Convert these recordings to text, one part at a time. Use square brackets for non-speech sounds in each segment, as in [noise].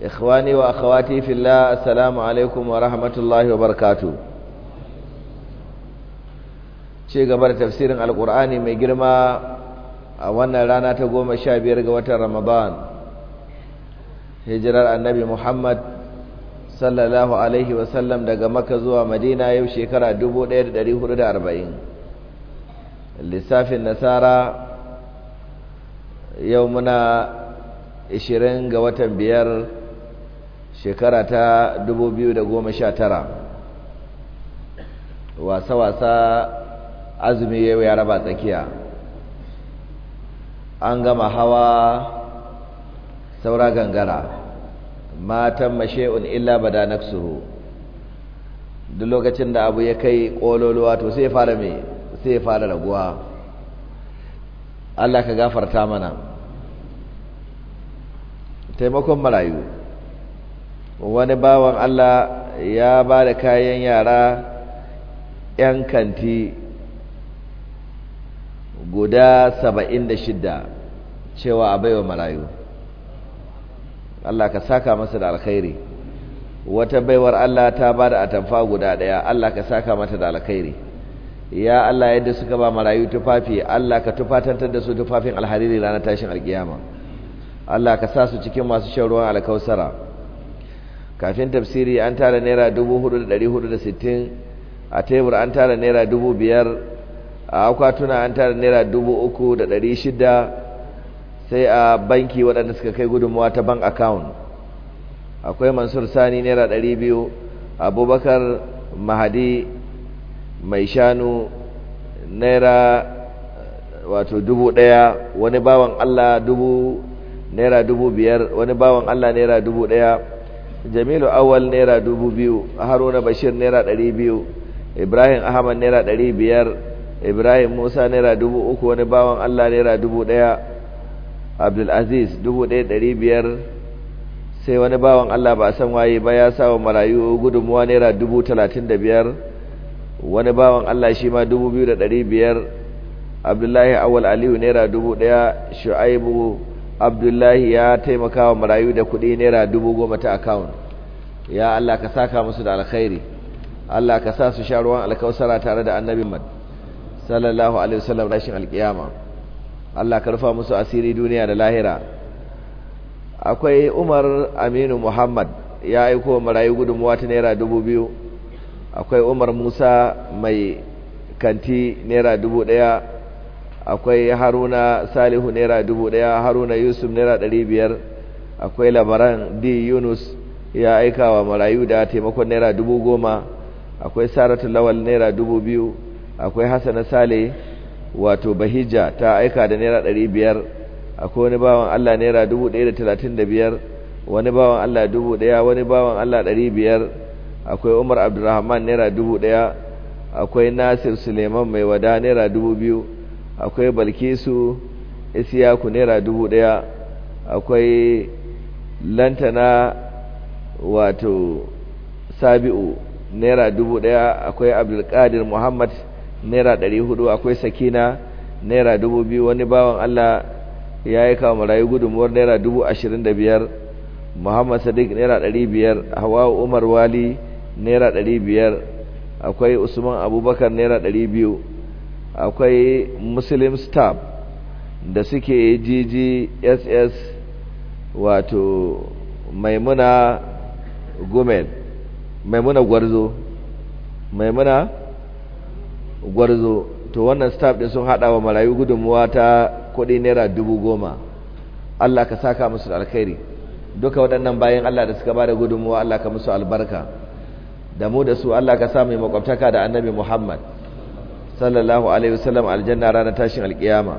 ikhwani wa akhawati fillah assalamu alaikum wa rahmatullahi wa barakatuh ce gaba da tafsirin alkur'ani mai girma a wannan rana ta goma sha biyar ga watan ramadan Hijrar annabi muhammad sallallahu alaihi sallam, daga maka zuwa madina yau shekara 1440 lissafin nasara yau muna 20 ga watan biyar shekara ta 2019 wasa-wasa azumi yau ya raba tsakiya an gama hawa saura gangara matan mashe'un illa bada naksuhu duk lokacin da abu ya kai ƙololuwa to sai fara mai sai fara raguwa Allah ka gafarta mana taimakon marayu wani bawan Allah ya ba da kayan yara 'yan kanti guda saba'in da shidda cewa a baiwa marayu Allah ka saka masa da alkhairi wata baiwar Allah ta ba da atamfa guda ɗaya Allah ka saka mata da alkhairi ya Allah yadda suka ba marayu tufafi Allah ka tufatantar da su tufafin alhariri ranar tashin alkiyama Allah ka sa su cikin masu shan ruwan alkausara kafin tafsiri an tara naira 4,460 a tebur an tara naira 5,000 a akwatuna an tara naira 3,600 sai a banki waɗanda suka kai gudunmawa ta bank account akwai mansur sani naira 200 abubakar mahadi mai shanu naira wato dubu ɗaya wani bawan allah dubu naira dubu biyar wani bawan allah naira dubu ɗaya jamilu awal naira dubu biyu haruna bashir naira ɗari biyu ibrahim ahmad naira ɗari biyar ibrahim musa naira dubu uku wani bawan allah naira dubu ɗaya abdulaziz dubu ɗaya ɗari biyar sai wani bawan allah ba a san waye ba ya sa wa marayu gudunmuwa naira dubu talatin da biyar wani bawan allah shi ma dubu biyu da ɗari biyar abdullahi awal aliyu naira dubu ɗaya shu'aibu abdullahi ya taimaka wa marayu da kudi naira dubu goma ta akawun ya Allah ka saka musu da alkhairi Allah ka sa su sha ruwan alkausara tare da annabi mad sallallahu alaihi wasallam rashin alkiyama Allah ka rufa musu asiri duniya da lahira akwai Umar Aminu Muhammad ya aiko marayu gudunmuwa ta naira dubu biyu akwai Umar Musa mai kanti naira dubu ɗaya akwai haruna salihu naira dubu daya haruna yusuf naira dari biyar akwai labaran d yunus ya aika wa marayu da taimakon naira dubu goma akwai saratu lawal naira dubu biyu akwai hassan sale wato bahija ta aika da naira dari biyar akwai wani bawan allah naira dubu daya da talatin da biyar wani bawan allah dubu daya wani bawan allah dari biyar akwai umar abdulrahman naira dubu daya akwai nasir suleiman mai wada naira dubu biyu akwai balkisu isiyaku naira dubu ɗaya akwai lantana wato sabi'u naira dubu ɗaya akwai abdulkadir muhammad naira dari hudu akwai sakina naira dubu biyu wani bawan allah ya yi kawo marayu gudunmuwar naira dubu ashirin da biyar muhammad sadiq naira dari biyar hawa umar wali naira dari biyar akwai usman abubakar naira dari biyu akwai muslim staff da suke ggss wato maimuna gomel maimuna gwarzo maimuna gwarzo to wannan staff din sun hada wa marayu gudunmuwa ta kudi naira dubu goma Allah ka saka musu da alkhairi duka waɗannan bayan Allah da suka ba da gudunmuwa Allah ka musu albarka da mu da su Allah ka sa mai makwabtaka da annabi Muhammad sallallahu alaihi wasallam aljanna ranar tashin alkiyama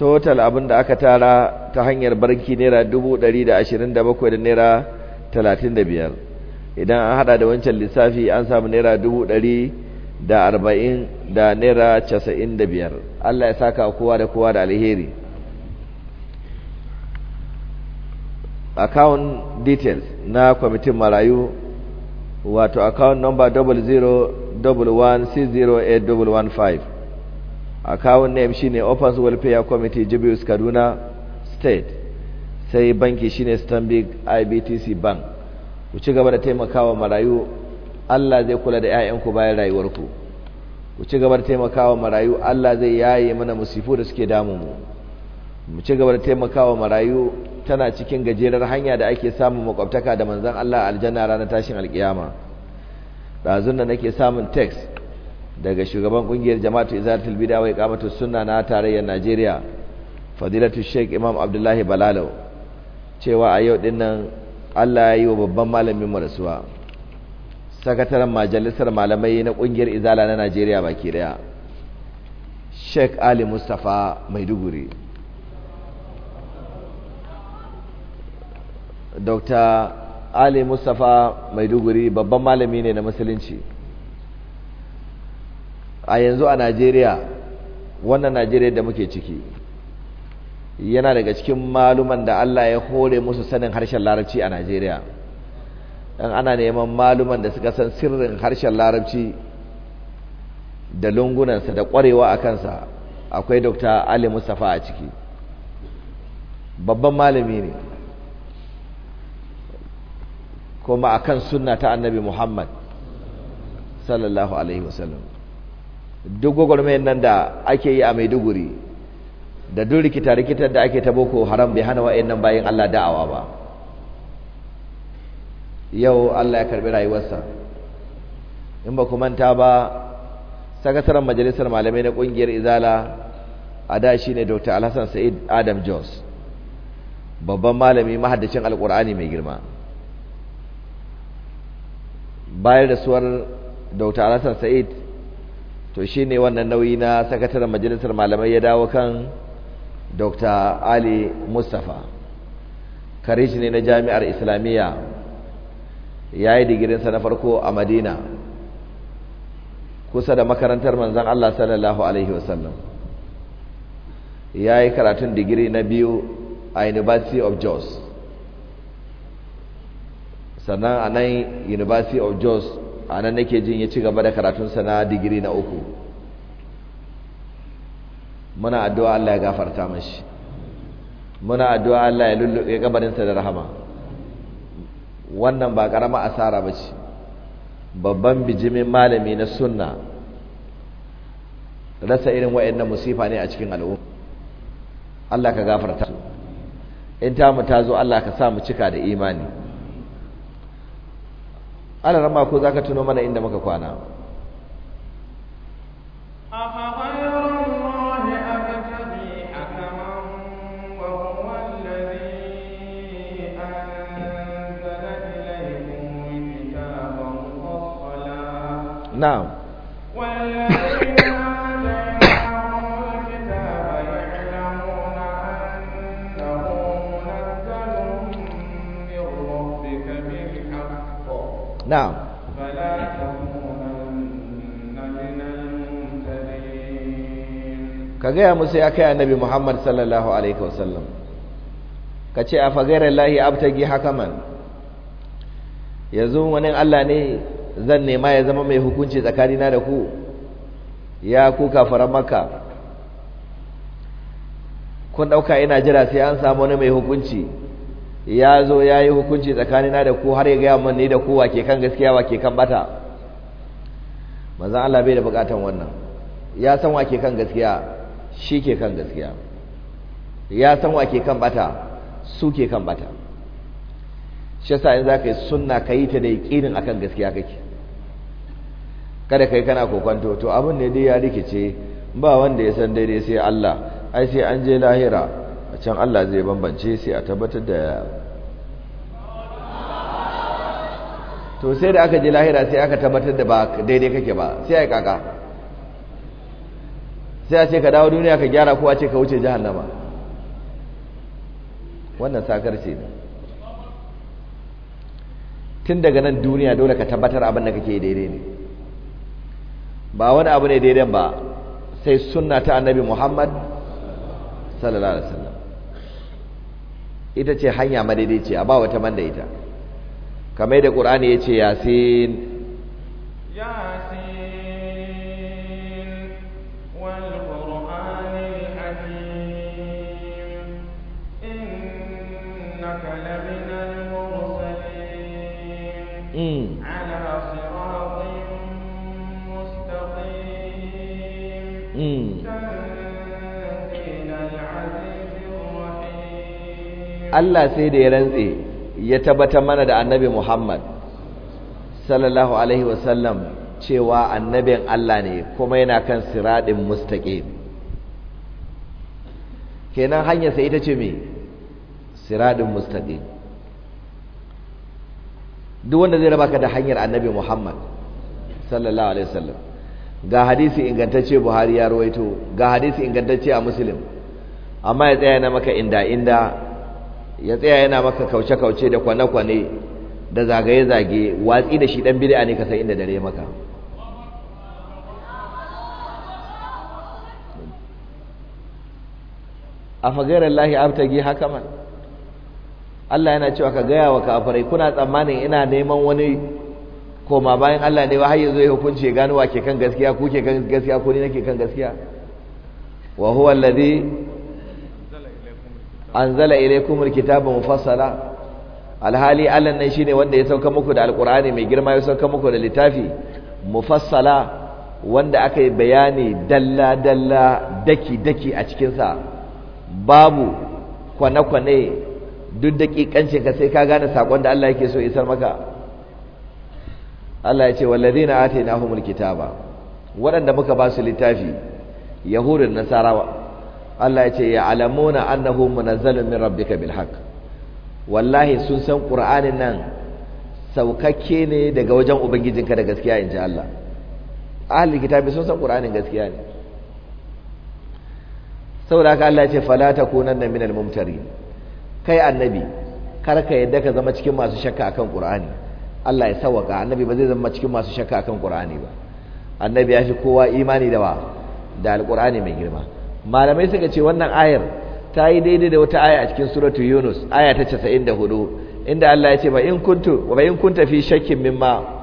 total abin da aka tara ta hanyar barki naira 127 da naira 35 idan an hada da wancan lissafi an samu naira 140 da arba'in da naira casa'in da biyar Allah ya saka kowa da kowa da alheri account details na kwamitin marayu wato account number 00 011608115 account name shine Opens Welfare Committee Jibius Kaduna State sai banki shine Stanbic IBTC Bank ku ci gaba da taimakawa marayu Allah zai kula da 'ya'yanku bayan rayuwarku ku ci gaba da taimakawa marayu Allah zai yaye mana musifu da suke damu mu mu ci gaba da taimakawa marayu tana cikin gajerar hanya da ake samun makwabtaka da manzon Allah aljanna ranar tashin alkiyama ɗazun da nake samun text daga shugaban ƙungiyar jama'atu izalatul bid'a wa iqamatus sunna na tarayyar Najeriya fadilatu Sheikh Imam Abdullahi Balalo cewa a yau dinnan Allah ya yi wa babban malamin mu rasuwa sakataren majalisar malamai na ƙungiyar izala na Najeriya baki daya Sheikh Ali Mustafa Maiduguri Dr. ali mustapha maiduguri babban malami ne na musulunci a yanzu a najeriya wannan najeriya da muke ciki yana daga cikin maluman da allah ya hore musu sanin harshen larabci a najeriya dan ana neman maluman da suka san sirrin harshen larabci da lungunansa da kwarewa a kansa akwai dokta ali mustafa a ciki babban malami ne kuma kan sunna ta annabi Muhammad sallallahu alaihi wasallam duk gwagwarmayar nan da ake yi a Maiduguri da duk rikita-rikitar da ake ta boko haram bai hana nan bayan Allah da'awa ba yau Allah ya karbi rayuwarsa in ba ku manta ba sakataren majalisar malamai na kungiyar izala a da shi ne dr alhassan sa'id adam jones babban malami mahaddacin alkur'ani mai girma bayan suwar dr alasan sa'id to shi ne wannan nauyi na sakataren majalisar malamai ya dawo kan dr ali mustapha karish ne na jami'ar islamiyya ya yi digirinsa na farko a madina kusa da makarantar manzan allah sallallahu alaihi wasallam ya yi karatun digiri na biyu a university of jos sannan a nan university of jos a nan nake jin ya ci gaba da karatunsa na digiri na uku muna addu'a Allah ya gafarta mashi muna addu'a Allah ya lullube kabarinsa da rahama wannan ba karama asara ba ce babban bijimin malami na sunna rasa irin wa'annan musifa ne a cikin al'umma Allah ka gafarta in ta mu ta zo Allah ka sa mu cika da imani ala rama za ka tuno mana inda muka kwana Now. na'am ka gaya musu ya kai annabi Muhammad sallallahu alaihi wasallam ka ce a fagairar lahi abtagi hakaman yanzu wani Allah ne zan nema ya zama mai hukunci tsakanina da ku ya ku kafaran maka kun ɗauka ina jira sai an samu wani mai hukunci ya zo ya yi hukunci tsakanina da ku har ya gaya manni da ku wake kan gaskiya wake kan bata manzon Allah bai da bukatan wannan ya san wake kan gaskiya shi ke kan gaskiya ya san wake kan bata su ke kan bata shi yasa in ka yi sunna ka yi ta da a kan gaskiya kake kada ka yi kana kokonto to abin ne dai ya rikice ba wanda ya san daidai sai Allah ai sai an je lahira a can Allah zai bambance sai a tabbatar da to sai da aka je lahira sai aka tabbatar da ba daidai kake ba sai ai kaka sai a ce ka dawo duniya ka gyara ko a ce ka wuce jahannama wannan sakar ce ne tun daga nan duniya dole ka tabbatar abin da kake daidai ne ba wani abu ne daidai ba sai sunna ta annabi Muhammad sallallahu alaihi wasallam ita ce hanya ce a ba wata man da ita kamar da ƙur'ani ya ce yasin yasin wal qur'anil hakim innaka laminal mursalin hmm. Allah sai da ya rantse ya tabbatar mana da annabi Muhammad sallallahu alaihi wasallam cewa annabin Allah ne kuma yana kan siradin mustaqim kenan hanyar sai ita ce me siradin mustaqim duk wanda zai raba ka da hanyar annabi Muhammad sallallahu alaihi wasallam ga hadisi ingantacce Buhari ya rawaito ga hadisi ingantacce a Muslim amma ya tsaya na maka inda inda ya tsaya yana maka kauce-kauce da kwane-kwane da zagaye-zage watsi da shi dan bid'a ne ka san inda dare maka a fagairar lahi abtagi haka man Allah yana cewa ka gaya wa kafirai kuna tsammanin ina neman wani koma bayan Allah ne wa har yanzu ya hukunce gano wa ke kan gaskiya ku ke kan gaskiya ko ni nake kan gaskiya wa huwa alladhi anzala ilaykumul kitaba mufassala alhali Allah nan shine wanda ya sauka muku da alqur'ani mai girma ya sauka muku da littafi mufassala wanda aka yi bayani dalla dalla daki daki a cikin sa babu kwane kwane duk dakikancin ka sai ka gane sakon da Allah yake so isar maka Allah ya ce walladheena atainahumul kitaba waɗanda muka ba su littafi yahudun nasarawa Allah ya ce ya alamuna annahu munazzalun min rabbika bil haqq wallahi sun san qur'anin nan saukakke ne daga wajen ubangijinka da gaskiya in ji Allah ahli kitabi sun san qur'anin gaskiya ne saboda haka Allah ya ce fala takunanna al mumtari kai annabi kar ka yadda ka zama cikin masu shakka akan qur'ani Allah ya sawaka annabi ba zai zama cikin masu shakka akan qur'ani ba annabi ya fi kowa imani da wa da alqur'ani mai girma malamai suka ce wannan ayar ta yi daidai da wata aya a cikin suratu yunus aya ta 94 inda Allah ya ce ba in kun tafi kunta fi shakkin mimma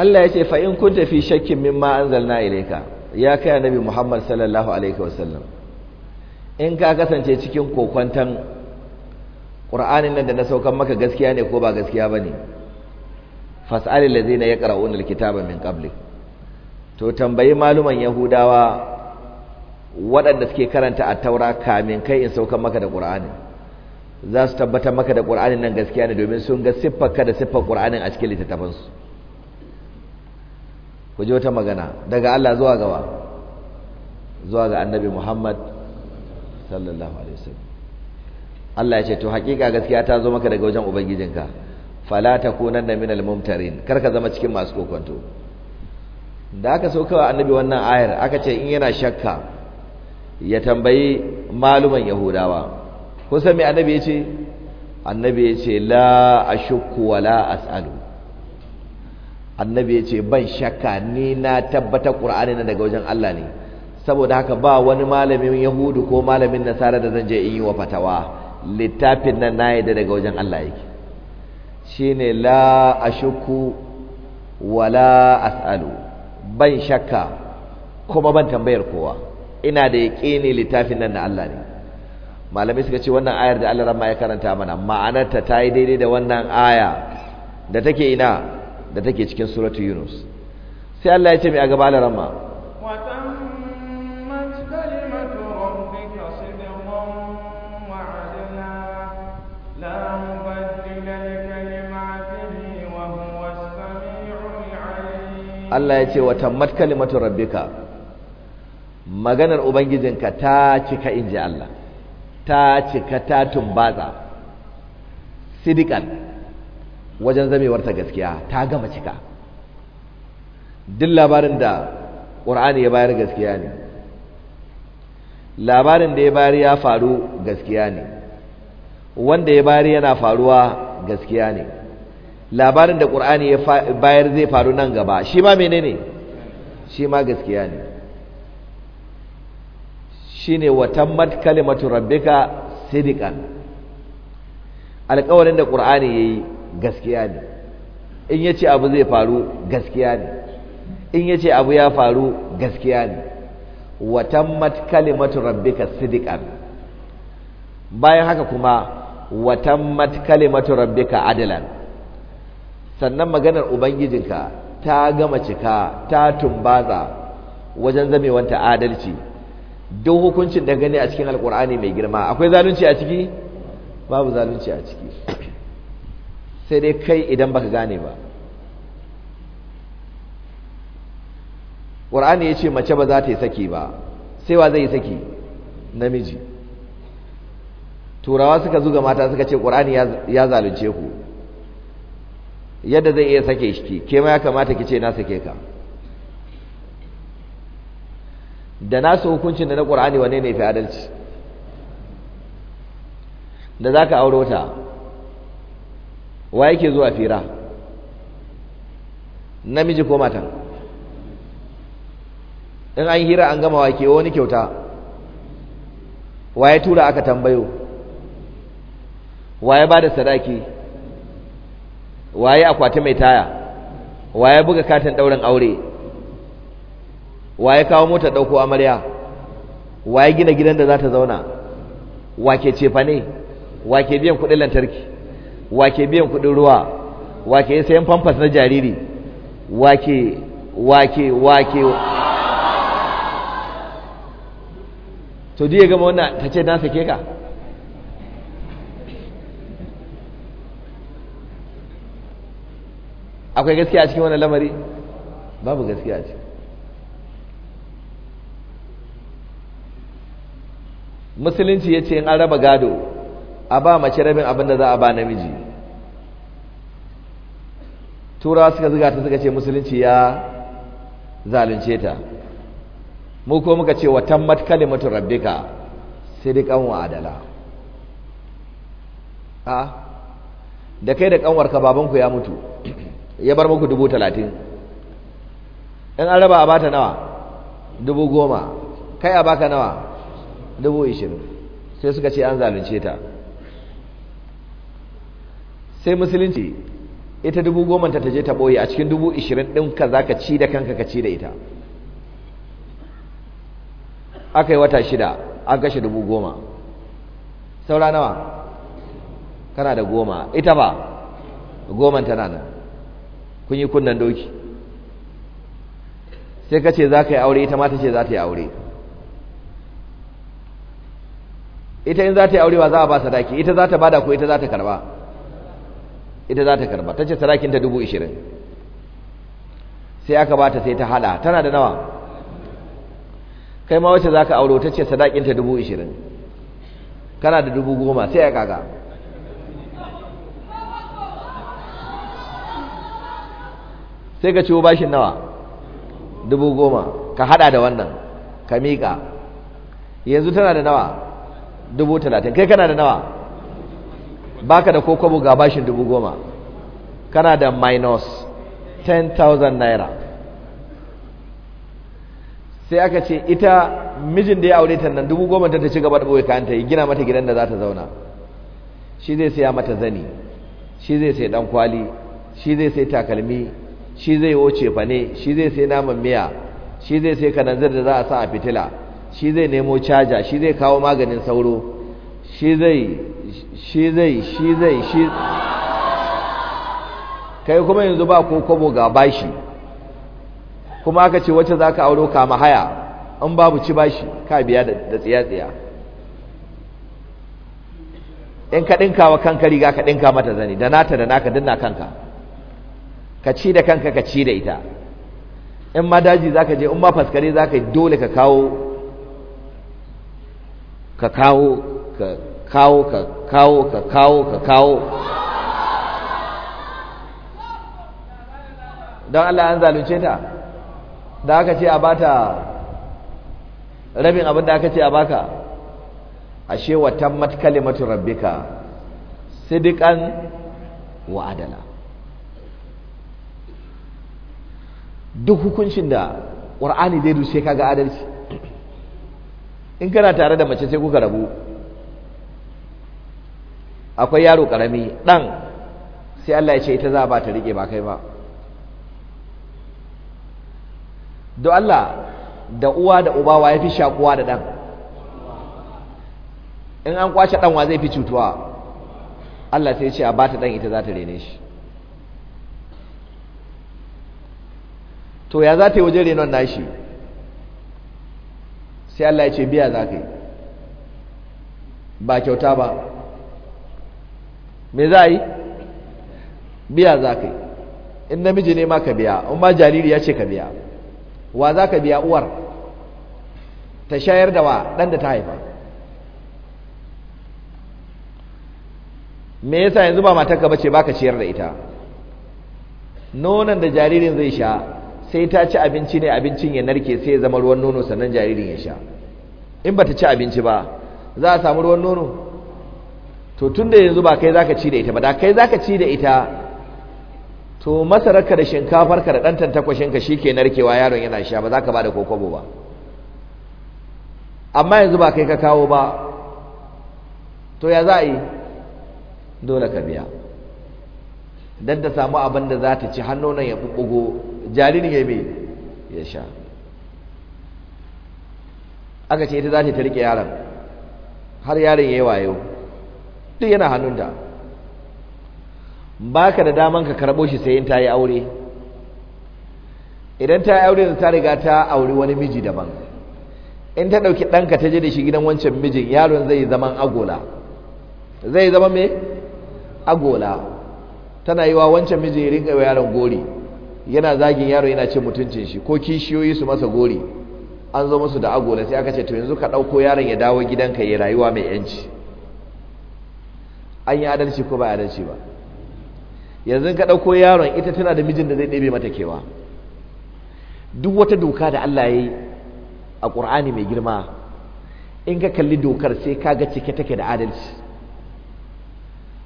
Allah ya ce fa in kunta fi shakkin mimma anzalna ilayka ya kai annabi Muhammad sallallahu alaihi wasallam in ka kasance cikin kokwantan Qur'anin nan da na saukan maka gaskiya ne ko ba gaskiya bane fas'al allazina yaqra'una alkitaba min qabli to tambayi maluman yahudawa waɗanda suke karanta a taura kamin kai in saukan maka da ƙur'ani za su tabbatar maka da ƙur'anin nan gaskiya ne domin sun ga siffarka da siffar ƙur'anin a cikin littattafansu ku ji wata magana daga Allah zuwa gawa zuwa ga annabi Muhammad sallallahu alaihi wasallam Allah ya ce to hakika gaskiya ta zo maka daga wajen ubangijinka fala takunanna minal mumtarin kar ka zama cikin masu kokonto da aka so kawai annabi wannan ayar aka ce in yana shakka ya tambayi maluman yahudawa kusan me annabi ya ce annabi ya ce la ashukku wa la as'alu annabi ya ce ban shakka ni na tabbatar qur'ani na daga wajen Allah ne saboda haka ba wani malamin yahudu ko malamin nasara da zan je in yi wa fatawa littafin nan na yi daga wajen Allah yake shine la wa la as'alu ban shakka kuma ban tambayar kowa ina da yaqini littafin nan na Allah ne malamai suka ce wannan ayar da Allah ya karanta mana ma'anarta ta yi daidai da wannan aya da take ina da take cikin suratu yunus sai Allah ya ce mai a gaba larama Allah ya ce wata matkalimatu rabbika maganar ubangijinka ta cika inji Allah ta cika ta tumbatsa sidikan wajen zamewar ta gaskiya ta gama cika duk labarin da ƙur'ani ya bayar gaskiya ne labarin da ya bayar ya faru gaskiya ne wanda ya bayar yana faruwa gaskiya ne labarin da ƙur'ani ya bayar zai faru nan gaba shi ma menene shi ma gaskiya ne shi ne watammat kalimatu rabbika sidikan alƙawarin da ƙur'ani ya yi gaskiya ne in yace ce abu zai faru gaskiya ne in ya abu ya faru gaskiya ne tammat kalimatu rabbika sidiqan bayan haka kuma tammat kalimatu rabbika adlan sannan maganar ubangijinka ta gama cika ta tumbaza wajen zamewanta adalci duk hukuncin da gani a cikin alkur'ani mai girma akwai zalunci a ciki babu zalunci a ciki sai dai kai idan baka gane ba ƙur'ani ya ce mace ba za ta yi saki ba sai wa zai yi saki namiji turawa suka zuga mata suka ce ƙur'ani ya zalunce ku yadda zai iya sake shi ke ma ya kamata ki ce na sake ka da nasu hukuncin da na ƙur'ani wane ne fi adalci da za ka auro ta wa yake zuwa fira namiji ko mata in an hira an gama wake wani kyauta wa ya tura aka tambayo wa ba da sadaki wa ya akwati mai taya wa ya buga katin ɗaurin aure wa ya kawo mota ɗauko amarya wa ya gina gidan da za ta zauna wake cefa ne wake biyan kuɗin lantarki wake biyan kuɗin ruwa wake sayan famfas na jariri wake wake wake to duk ya gama wannan ta ce na sake ka akwai gaskiya a cikin wannan lamari babu gaskiya a cikin musulunci ya ce in an raba gado a ba mace rabin abin da za a ba namiji turawa suka zuga ta suka ce musulunci ya zalunce ta mu ko muka ce wa tammat kalimatu rabbika sidiqan wa adala a da kai da kanwarka ku ya mutu [clears throat] ya bar muku dubu talatin in an raba a bata nawa dubu goma kai a baka nawa dubu ishirin sai suka ce an zalunce ta sai musulunci ita dubu goma ta taje ta ɓoye a cikin dubu ishirin ka za ka ci da kanka ka ci da ita aka yi wata shida an kashe dubu goma saura nawa kana da goma ita ba goman tana nan kun yi kunnan doki sai ka ce za ka yi aure ita ma ta ce za ta yi aure ita in za ta yi aure ba za a ba sadaki ita za ta bada ko ita za ta karba ita za ta karba ta ce sarakinta dubu ishirin sai aka ba ta sai ta hada tana da nawa kai ma wacce za ka auro ta ce sadakinta dubu ishirin kana da dubu goma sai ya kaga sai ka ciwo bashin nawa dubu goma ka hada da wannan ka miƙa yanzu tana da nawa dubu talatin kai kana da nawa baka da kokobo ga bashin dubu goma kana da minus 10,000 naira sai aka ce ita mijin da ya aure ta nan dubu goma ta ci gaba da ɓoye kanta ya gina mata gidan da za ta zauna shi zai saya mata zani shi zai sai dan kwali shi zai sai takalmi shi zai wuce fane shi zai sai naman miya shi zai sai kananzir da za a sa a fitila shi zai nemo caja shi zai kawo maganin sauro shi zai shi zai shi zai shi kai kuma yanzu ba ko kwabo ga bashi kuma aka ce wacce za ka auro kama haya in babu ci bashi ka biya da tsiya-tsiya in ka ɗinka wa kanka riga ka ɗinka mata zani da nata da naka dinna kanka ka ci da kanka ka ci da ita in ma daji za ka je in ma faskare za ka dole ka kawo ka kawo ka kawo ka kawo ka kawo ka kawo don Allah an zalunce ta da aka ce a bata rabin abin da aka ce a baka ashe watan Rabbi rabbika sidikan wa adala duk hukuncin da ƙur'ani dai dushe kaga adalci in kana tare da mace sai kuka rabu akwai yaro karami dan sai Allah ya ce ita za ba ta rike ba kai ba don Allah da uwa da uba wa ya fi shakuwa da dan in an kwace dan wa zai fi cutuwa Allah sai ya ce a ba ta dan ita za ta rene shi to ya za ta yi wajen renon nashi sai Allah ya ce biya za ka yi ba kyauta ba me za a yi biya za ka yi in namiji ne ma ka biya in ma jariri ya ce ka biya wa za ka biya uwar ta shayar da wa ɗan da ta haifa me yasa yanzu ba matarka bace ka ciyar da ita nonon da jaririn zai sha sai ta ci abinci ne abincin ya narke sai ya zama ruwan nono sannan jaririn ya sha in ba ta ci abinci ba za a samu ruwan nono to tun da yanzu ba kai zaka ci da ita ba da kai zaka ci da ita to masararka da shinkafarka da ɗan tantakwashinka shi ke narkewa yaron yana sha ba za ka ba da kokobo ba amma yanzu ba kai ka kawo ba to ya za a yi dole ka biya don ta samu abin da za ta ci hannunan ya bubbugo jaririn ya bi ya sha aka ce ita za ta riƙe yaron har yaron ya yi wayo duk yana hannunta ba ka da daman ka karɓo shi sai in ta yi aure idan ta yi aure da ta riga ta auri wani miji daban in ta ɗauki ɗanka ta je da shi gidan wancan mijin yaron zai zaman agola zai zama me agola tana yi wa wancan mijin ya wa yaron gori yana zagin yaro yana cin mutuncin shi ko kishiyoyi su masa gori an zo musu da agola sai aka ce to yanzu ka ɗauko yaron ya dawo gidanka ya rayuwa mai yanci an yi adalci ko ba adalci ba yanzu ka ɗauko yaron ita tana da mijin da zai ɗebe mata kewa duk wata doka da Allah ya yi a ƙur'ani mai girma in ka kalli dokar sai ka ga cike take da adalci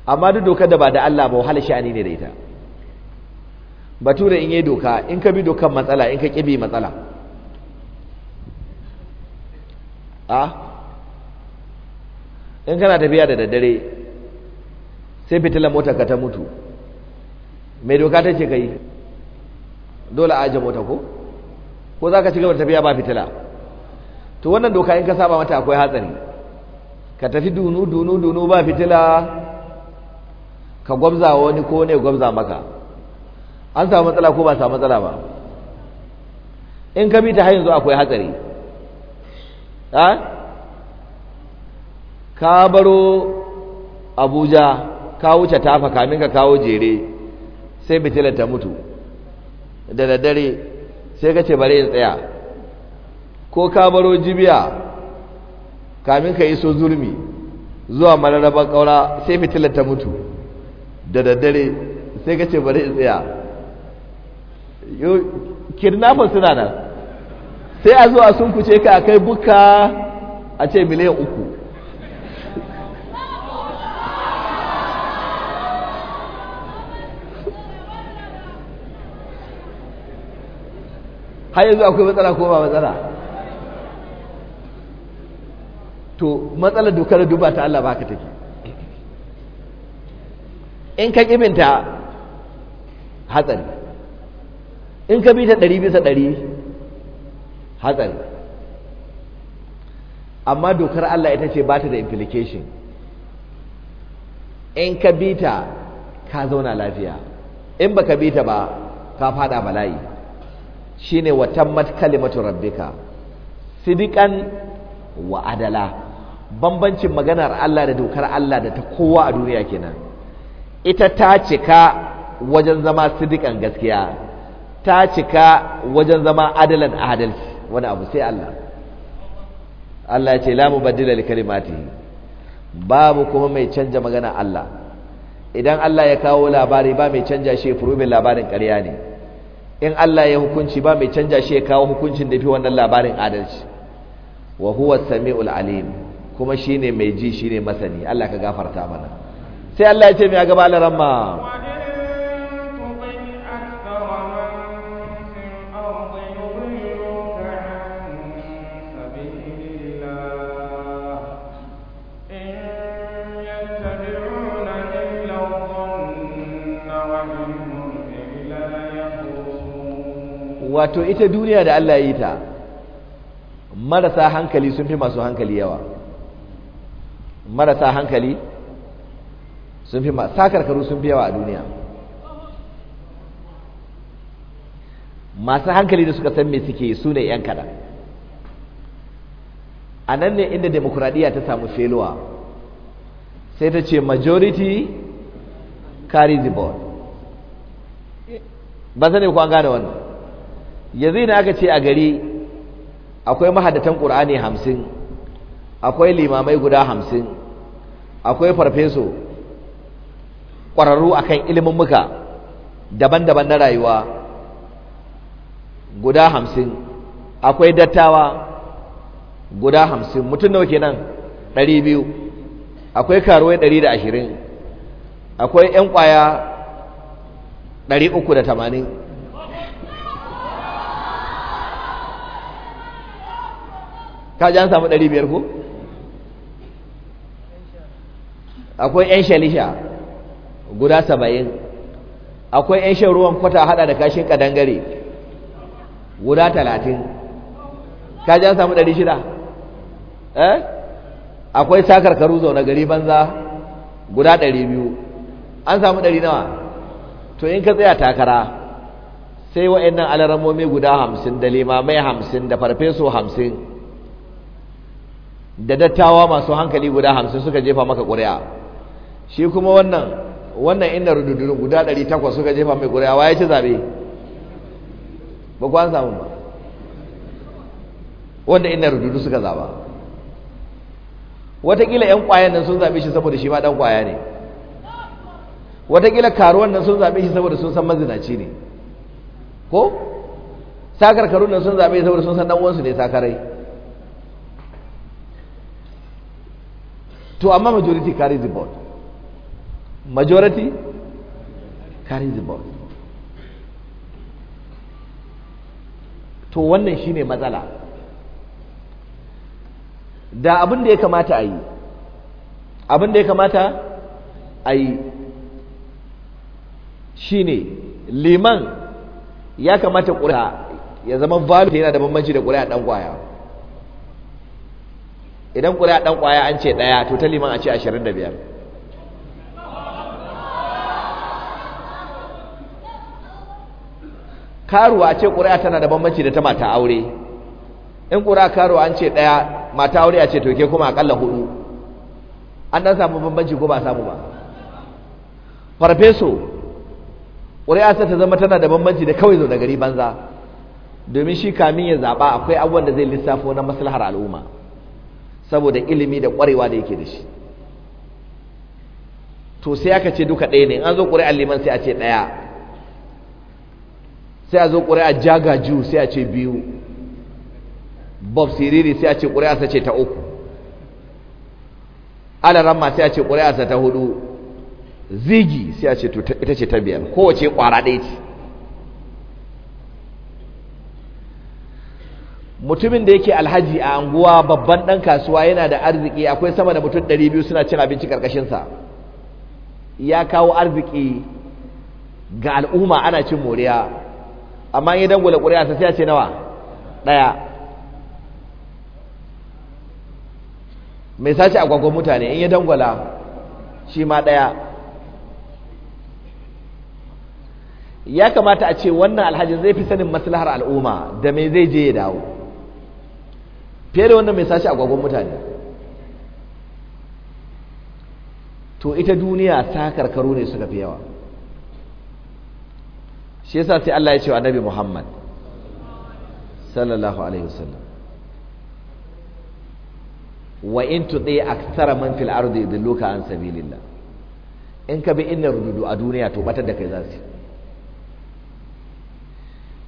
amma duk dokar da ba da Allah ba wahala sha'ani ne da ita bature in yi doka in ka bi dokan matsala in ka ƙibi matsala a ah? in kana tafiya da daddare sai fitilar motar ka ta mutu mai doka ta ce ka yi dole a mota ko ko za ka ci gabar tafiya ba fitila to wannan doka in ka saba mata akwai hatsari ka tafi dunu dunu dunu ba fitila ka wa wani ko ne gwamza maka an samu matsala ko ba samu matsala ba in ka bi ta har zuwa akwai hatsari ka baro abuja ka wuce tafa kamin ka kawo jere sai fitilar ta mutu da daddare sai ka ce bare in tsaya ko ka baro jibiya kamin ka iso zurmi zuwa mararraban kaura sai fitilar ta mutu da daddare sai ka ce bare in tsaya kirnafin suna nan sai a zuwa sun kuce ka a kai buka a ce miliyan uku har yanzu akwai matsala ko ba matsala to matsala dokar duba ta Allah baka take in ka kibinta hatsari in ka bita ɗari bisa ɗari hatsari amma dokar Allah ita ce ba ta da implication in ka bita ka zauna lafiya in baka ka bita ba ka fada bala'i shine wa tammat kalimatu rabbika sidikan wa adala bambancin maganar Allah da dokar Allah da ta kowa a duniya kenan ita ta cika wajen zama sidikan gaskiya ta cika wajen zama adalan adalci wani abu sai Allah Allah ya ce la mubaddila li kalimatihi babu kuma mai canja magana Allah idan Allah ya kawo labari ba mai canja shi furubin labarin ƙarya ne in Allah ya hukunci ba mai canja shi ya kawo hukuncin da fi wannan labarin adalci wa huwa samiul alim kuma shine mai ji shine masani Allah ka gafarta mana sai Allah ya ce mai ga gaba ma wato ita duniya da Allah ya yi ta marasa hankali sun fi masu hankali yawa marasa hankali sun fi sakarkaru sun fi yawa a duniya masu hankali da suka san me suke su ne 'yan kaɗan a nan ne inda demokuraɗiyya ta samu feluwa sai ta ce majority carry the ball ba zane ku an gane wannan yanzu na aka ce a gari akwai mahadatan ƙur'ani hamsin akwai limamai guda hamsin akwai farfeso ƙwararru akan ilimin muka daban-daban na rayuwa guda hamsin akwai dattawa guda hamsin mutum nawa kenan ɗari biyu akwai karuwai ɗari da ashirin akwai 'yan ƙwaya ɗari uku da tamanin ka ji an samu ɗari biyar ko akwai 'yan shalisha guda saba'in akwai 'yan shan ruwan kwata hada da kashin kadangare guda talatin ka ji an samu ɗari shida eh akwai sakar karu zaune gari banza guda ɗari biyu an samu ɗari nawa to in ka tsaya takara sai nan alaramomi guda hamsin da limamai hamsin da farfeso hamsin da dattawa masu hankali guda hamsin suka jefa maka ƙuri'a shi kuma wannan wannan inda rududu guda ɗari takwas suka jefa mai ƙuri'a Wa ya ci zaɓe ba kwan samu ba wanda inda rududu suka zaɓa wataƙila 'yan ƙwayan nan sun zaɓe shi saboda shi ma ɗan ƙwaya ne wataƙila karuwan nan sun zaɓe shi saboda sun san mazinaci ne ko sakarkarun nan sun zaɓe saboda sun san ɗan uwansu ne sakarai to amma majority carries the board majority carries the board to wannan shine matsala da abin da ya kamata a yi abin da ya kamata a yi shine liman ya kamata ƙura ya zama valid yana da bambanci da ƙura ɗan kwaya. idan ƙuri'a ɗan ƙwaya an ce ɗaya to ta liman a ce ashirin da biyar karuwa a ce ƙuri'a tana da bambanci da ta mata aure in ƙuri'a karuwa an ce ɗaya mata aure a ce to ke kuma aƙalla hudu an dan samu bambanci ko ba samu ba farfeso ƙuri'a ta zama tana da bambanci da kawai da gari banza domin shi kamin ya zaba, akwai abubuwan da zai lissafo na maslahar al'umma saboda ilimi da ƙwarewa da yake da shi to sai aka ce duka ɗaya ne an zo ƙuri'ar liman sai a ce ɗaya sai a zo ƙuri'ar jagaju sai a ce biyu bob siriri sai a ce ƙuri'arsa ce ta uku alaramma sai a ce ƙuri'arsa ta hudu zigi sai a ce ita ce ta biyar kowace ƙwara ɗaya ce mutumin da yake alhaji a anguwa babban dan kasuwa yana da arziki akwai sama da mutum 200 suna cin abinci karkashin sa ya kawo arziki ga al'umma ana cin moriya amma in dangula ƙuri'a sai ce nawa ɗaya mai sace agwagwan mutane in ya dangwala shi ma ɗaya ya kamata a ce wannan alhajin zai fi sanin maslahar al'umma da me zai je ya dawo fiye da wannan mai sace agwagon mutane to ita duniya ta karkaru ne suka fi yawa shi yasa sai Allah ya ce wa annabi Muhammad sallallahu alaihi wasallam wa in tudai aktsara man fil ardi an sabilillah in ka bi inna rududu a duniya to batar da kai za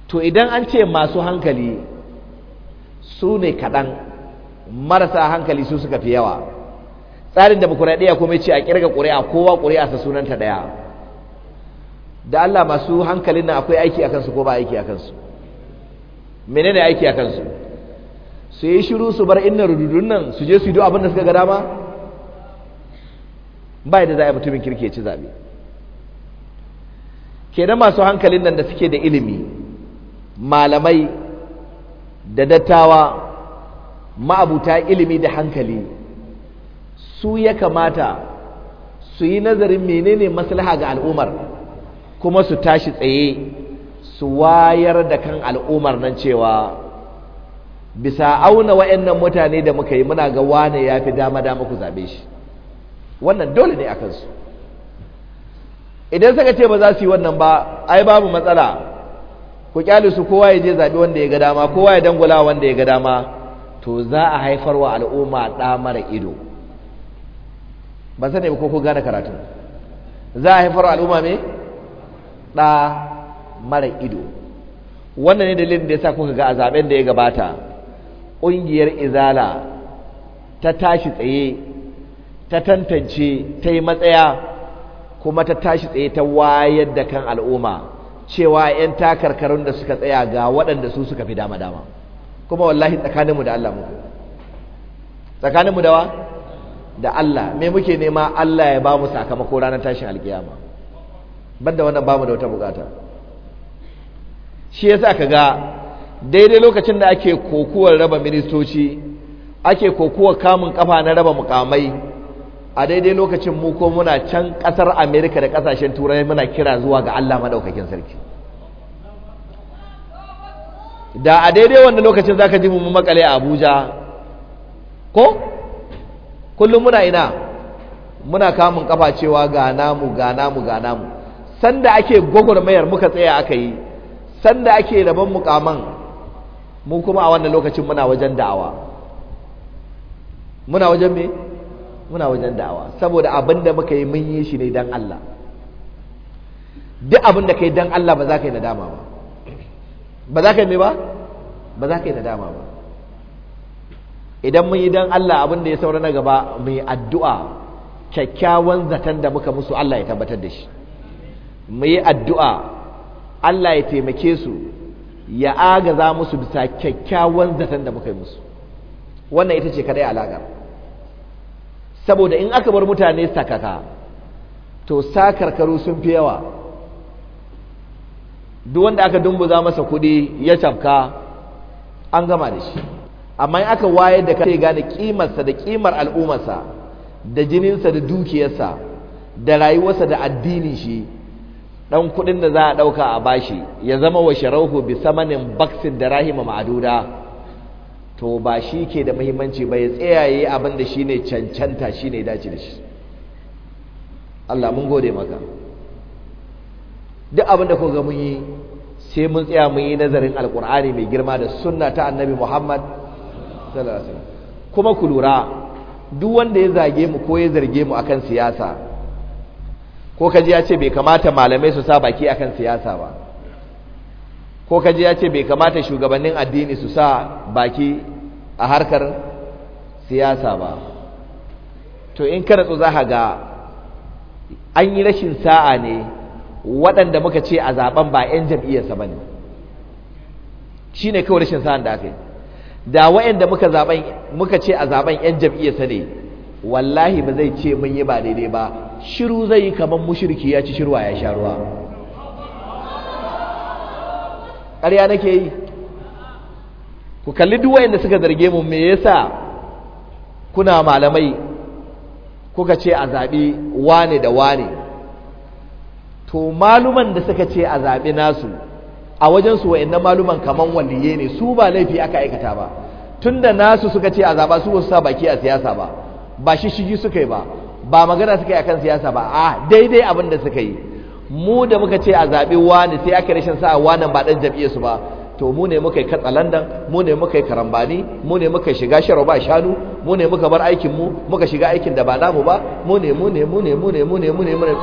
to idan an ce masu hankali su ne kaɗan marasa hankali su suka fi yawa tsarin demokuraɗiyya kuma ce a ƙirga ƙuri'a kowa ƙuri'a sa sunanta ɗaya da Allah masu hankalin nan akwai aiki a kansu ko ba aiki a kansu menene aiki a kansu su yi shiru su bar inna rududun nan su je su yi abin da suka ga dama ba da za a yi mutumin kirki ya ci zaɓe kenan masu hankalin nan da suke da ilimi malamai da dattawa ma'abuta ilimi da hankali su ya kamata su yi nazarin menene maslaha ga al'ummar kuma su tashi tsaye su wayar da kan al'ummar nan cewa bisa auna wa'annan mutane da muka yi muna ga wane ya fi dama-dama ku zaɓe shi wannan dole ne a kansu idan suka ce ba za su yi wannan ba ai babu matsala ku kyalisu su kowa ya je zabi wanda ya ga dama kowa ya dangula wanda ya ga dama to za a haifar wa al'umma ɗa mara ido ban sani ba ko ku gane karatu za a haifar wa al'umma me ɗa mara ido wannan ne dalilin da ya sa kuka ga a zaben da ya gabata ƙungiyar izala ta tashi tsaye ta tantance ta yi matsaya kuma ta tashi tsaye ta wayar da kan al'umma cewa 'yan takarkarun da suka tsaya ga waɗanda su suka fi dama-dama kuma wallahi tsakaninmu da Allah muku tsakaninmu da wa da Allah me muke nema Allah ya ba mu sakamako ranar tashin alkiyama banda wannan ba mu da wata bukata shi ya sa ka ga daidai lokacin da ake kokuwar raba ministoci ake kokuwar kamun kafa na raba mukamai a daidai lokacin mu ko muna can kasar amerika da kasashen turai muna kira zuwa ga allah maɗaukakin sarki da a daidai wannan lokacin za ka ji mu makale a abuja ko kullum muna ina muna kamun kafa cewa ga namu ga namu ga namu sanda ake gwagwarmayar muka tsaya aka yi sanda ake rabon mukaman mu kuma a wannan lokacin muna wajen da'awa muna wajen me muna wajen da'awa saboda abin da muka yi mun yi shi ne dan Allah duk abin da kai dan Allah ba za ka yi nadama ba ba za ka yi ba ba za ka yi nadama ba idan mun yi dan Allah abin da ya saura na gaba mu yi addu'a kyakkyawan zaton da muka musu Allah ya tabbatar da shi mu yi addu'a Allah ya taimake su ya agaza musu bisa kyakkyawan zaton da muka yi musu wannan ita ce kadai alaƙar saboda in aka bar mutane sakaka to sakarkaru sun fi yawa duk wanda aka dumbuza masa kuɗi ya cafka an gama da shi amma in aka wayar da kai gane kimarsa da kimar al'ummarsa da jininsa da dukiyarsa da rayuwarsa da addinin shi dan kuɗin da za a ɗauka a bashi ya zama wa sharauhu bi samanin baksin da rahima ma'aduda to ba shi ke da muhimmanci ba ya tsayaye abin da shi ne cancanta shi ne dace da shi Allah mun gode maka duk abin da mun yi sai mun tsaya mun yi nazarin alkur'ani mai girma da sunna ta annabi muhammad sallallahu kuma ku lura duk wanda ya zage mu ko ya zarge mu akan siyasa ko kaji ya ce bai kamata malamai su sa baki akan siyasa ba ko ka ji ya ce bai kamata shugabannin addini su sa baki a harkar siyasa ba to in ka ratsu za ga an yi rashin sa'a ne waɗanda muka ce a zaben ba 'yan jam'iyyarsa ba ne shi ne kawai rashin sa'an da aka yi da waɗanda muka ce a zaben 'yan jam'iyyarsa ne wallahi ba zai ce mun yi ba daidai ba shiru zai yi kamar mushirki ya ci shirwa ya sha ruwa ƙarya nake yi ku kalli duk wayanda suka zarge mu me yasa kuna malamai kuka ce a zaɓi wane da wane to maluman da suka ce a zaɓi nasu a wajensu wayannan maluman kamar waliye ne su ba laifi aka aikata ba tunda nasu suka ce a zaɓa su wasu sa baki a siyasa ba ba shi shigi suka yi ba ba magana suka yi a kan siyasa ba a daidai abin da suka yi mu da muka ce a zaɓi wani sai aka rashin sa'a wani ba ɗan su ba to mu ne muka yi katsalandan mu ne muka yi karambani mu ne muka shiga sharo ba shanu mu ne muka bar aikin mu muka shiga aikin da ba namu ba mu ne mu ne mu ne mu ne mu ne mu ne mu ne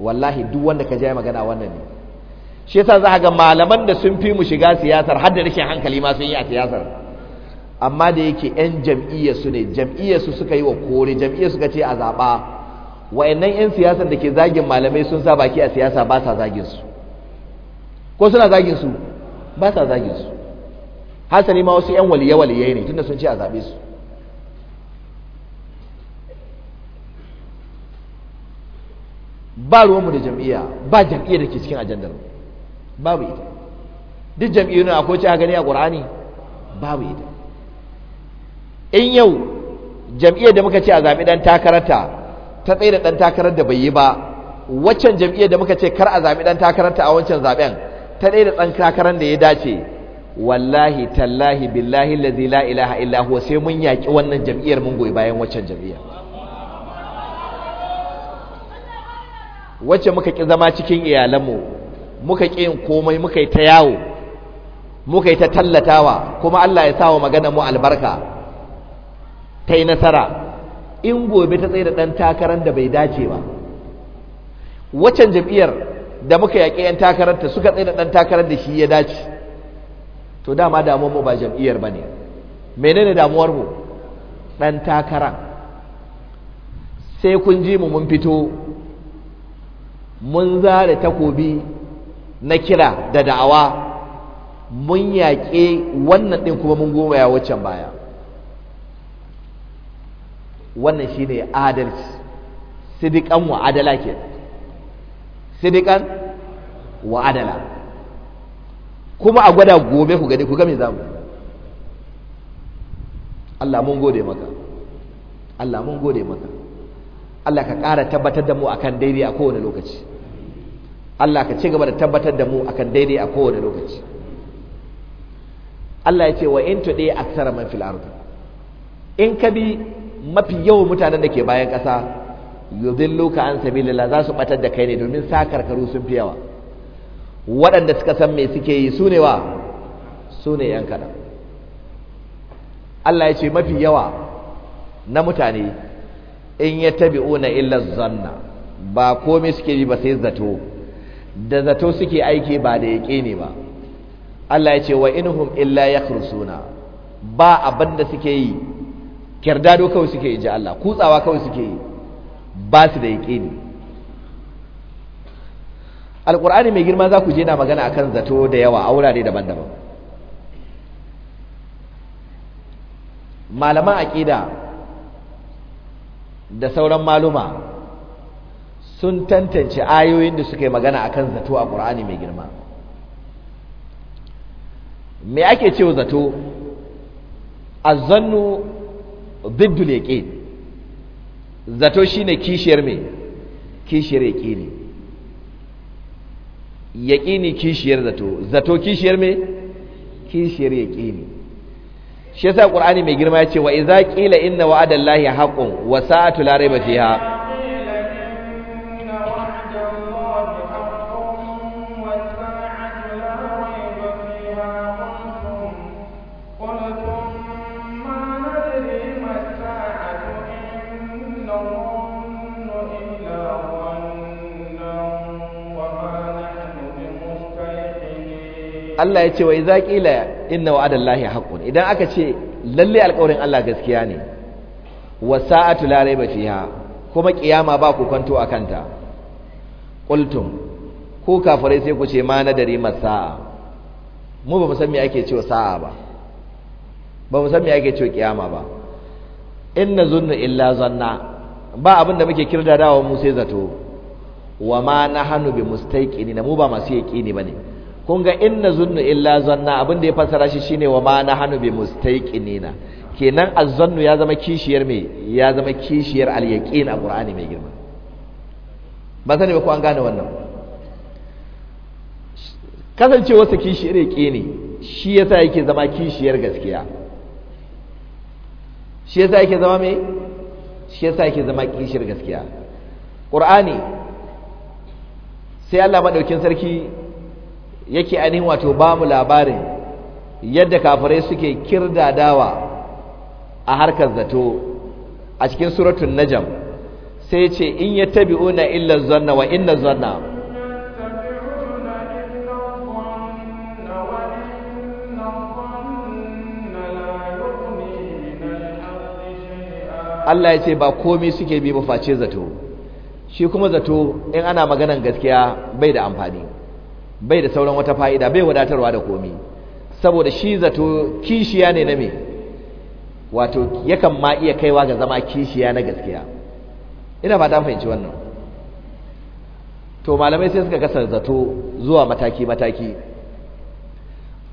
wallahi duk wanda ka ja magana wannan ne shi yasa za ga malaman da sun fi mu shiga siyasar har da rashin hankali ma sun yi a siyasar amma da yake 'yan jam'iyyarsu ne jam'iyyarsu suka yi wa kore jam'iyyarsu ka ce a zaɓa wa'annan 'yan siyasar da ke zagin malamai sun sa baki a siyasa ba sa zagin su ko suna zagin su ba sa zagin su hasali ma wasu 'yan waliye waliye ne tunda sun ce a zaɓe su ba ruwanmu da jam'iyya ba jam'iyyar da ke cikin ajandar babu ita duk jam'iyyar akwai ci a gani a ƙur'ani babu ita in yau jam'iyyar da muka ce a zaɓi ɗan takararta ta tsaye da ɗan takarar da bai yi ba waccan jam'iyyar da muka ce kar a zaɓi ɗan takararta a wancan zaben ta tsaye da ɗan takarar da ya dace wallahi tallahi billahi lazi la ilaha illa huwa sai mun yaƙi wannan jam'iyyar mun goyi bayan waccan jam'iyyar wacce muka ƙi zama cikin iyalanmu muka ƙi yin komai muka yi ta yawo muka yi ta tallatawa kuma Allah ya sa wa maganar mu albarka ta yi nasara in gobe ta tsaye da ɗan takarar da bai dace ba waccan jam'iyyar da muka yaƙi 'yan takararta suka tsaye da ɗan takarar da shi ya dace to dama mu ba jam'iyyar ba ne menene mu ɗan takara sai kun ji mu mun fito mun zare takobi na kira da da'awa mun yaƙe wannan ɗin kuma mun goma ya waccan baya wannan shine adalci sidikan wa adala ke sidikan wa adala kuma a gwada gobe ku gani ku gami za zamu Allah mun gode maka Allah mun gode maka Allah ka ƙara tabbatar da mu akan daidai a kowane lokaci Allah ka ci gaba da tabbatar da mu akan daidai a kowane lokaci Allah ya ce wa in tuɗe aksara man fil ardh in ka bi mafi yawan mutanen da ke bayan ƙasa yudillu ka an sabilillah za su ɓatar da kai ne domin sa karkaru sun fi yawa waɗanda suka san me suke yi su ne wa su ne yan kaɗan Allah ya ce mafi yawa na mutane in ya Una illa zanna ba komai suke yi ba sai zato da zato suke aiki ba da yaƙi ne ba Allah ya ce wa inhum illa yakhrusuna ba abin suke yi kyardado kawai suke yi ji Allah kutsawa kawai suke yi ba su da ne alƙur'ani mai girma za ku je na magana akan zato da yawa a wurare daban-daban malaman aƙida da sauran maluma sun tantance ayoyin da suka yi magana akan zato a ƙur'ani mai girma me ake cewa zato A zannu. ziddul yaqin zato shine kishiyar me kishiyar yaqini yaqini kishiyar zato zato kishiyar me kishiyar yaqini shi yasa qur'ani mai girma ya ce wa idza qila inna wa'adallahi haqqun wa sa'atu larai rayba fiha Allah ya ce wa iza qila inna wa'adallahi haqqun idan aka ce lalle alƙawarin Allah gaskiya ne wa sa'atu la rayba fiha kuma kiyama ba ku kwanto akan ta qultum ku kafirai sai ku ce ma nadari masa'a mu ba mu san me ake cewa sa'a ba ba mu san me ake cewa kiyama ba inna zunnu illa zanna ba abin da muke kirdadawa mu sai zato wa ma nahanu bi mustaqini mu ba masu yaqini bane kun ga inna zunnu illa zanna abin da ya fassara shi shine wa ma bai bi nina. kenan a zannu ya zama kishiyar me ya zama kishiyar al-yaqin a Qur'ani mai girma ba sani ba ko an gane wannan kasancewa su kishiyar yaqini shi yasa yake zama kishiyar gaskiya shi yasa yake zama me shi yasa yake zama kishiyar gaskiya Qur'ani sai Allah madaukin sarki yake ainihin wato ba mu labarin yadda kafirai suke kirda dawa a harkar zato a cikin suratun najam sai ce in ya una illar zanna wa inna zanna Allah ya ce ba komi suke bi ba zato shi kuma zato in ana maganan gaskiya bai da amfani bai da sauran wata fa'ida bai wadatarwa da komi saboda shi zato kishiya ne na me wato yakan ma iya kaiwa ga zama kishiya na gaskiya ina fata fahimci wannan to malamai sai suka kasar zato zuwa mataki mataki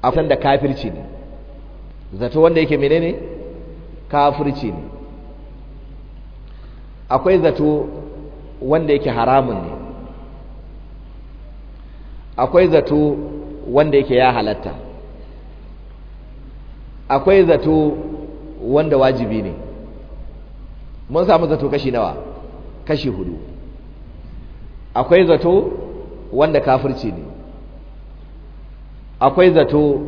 a san da kafirci ne zato wanda yake menene kafirci ne akwai zato wanda yake haramun ne akwai zato wanda yake ya halatta akwai zato wanda wajibi ne mun samu zato kashi nawa kashi hudu akwai zato wanda kafirci ne akwai zato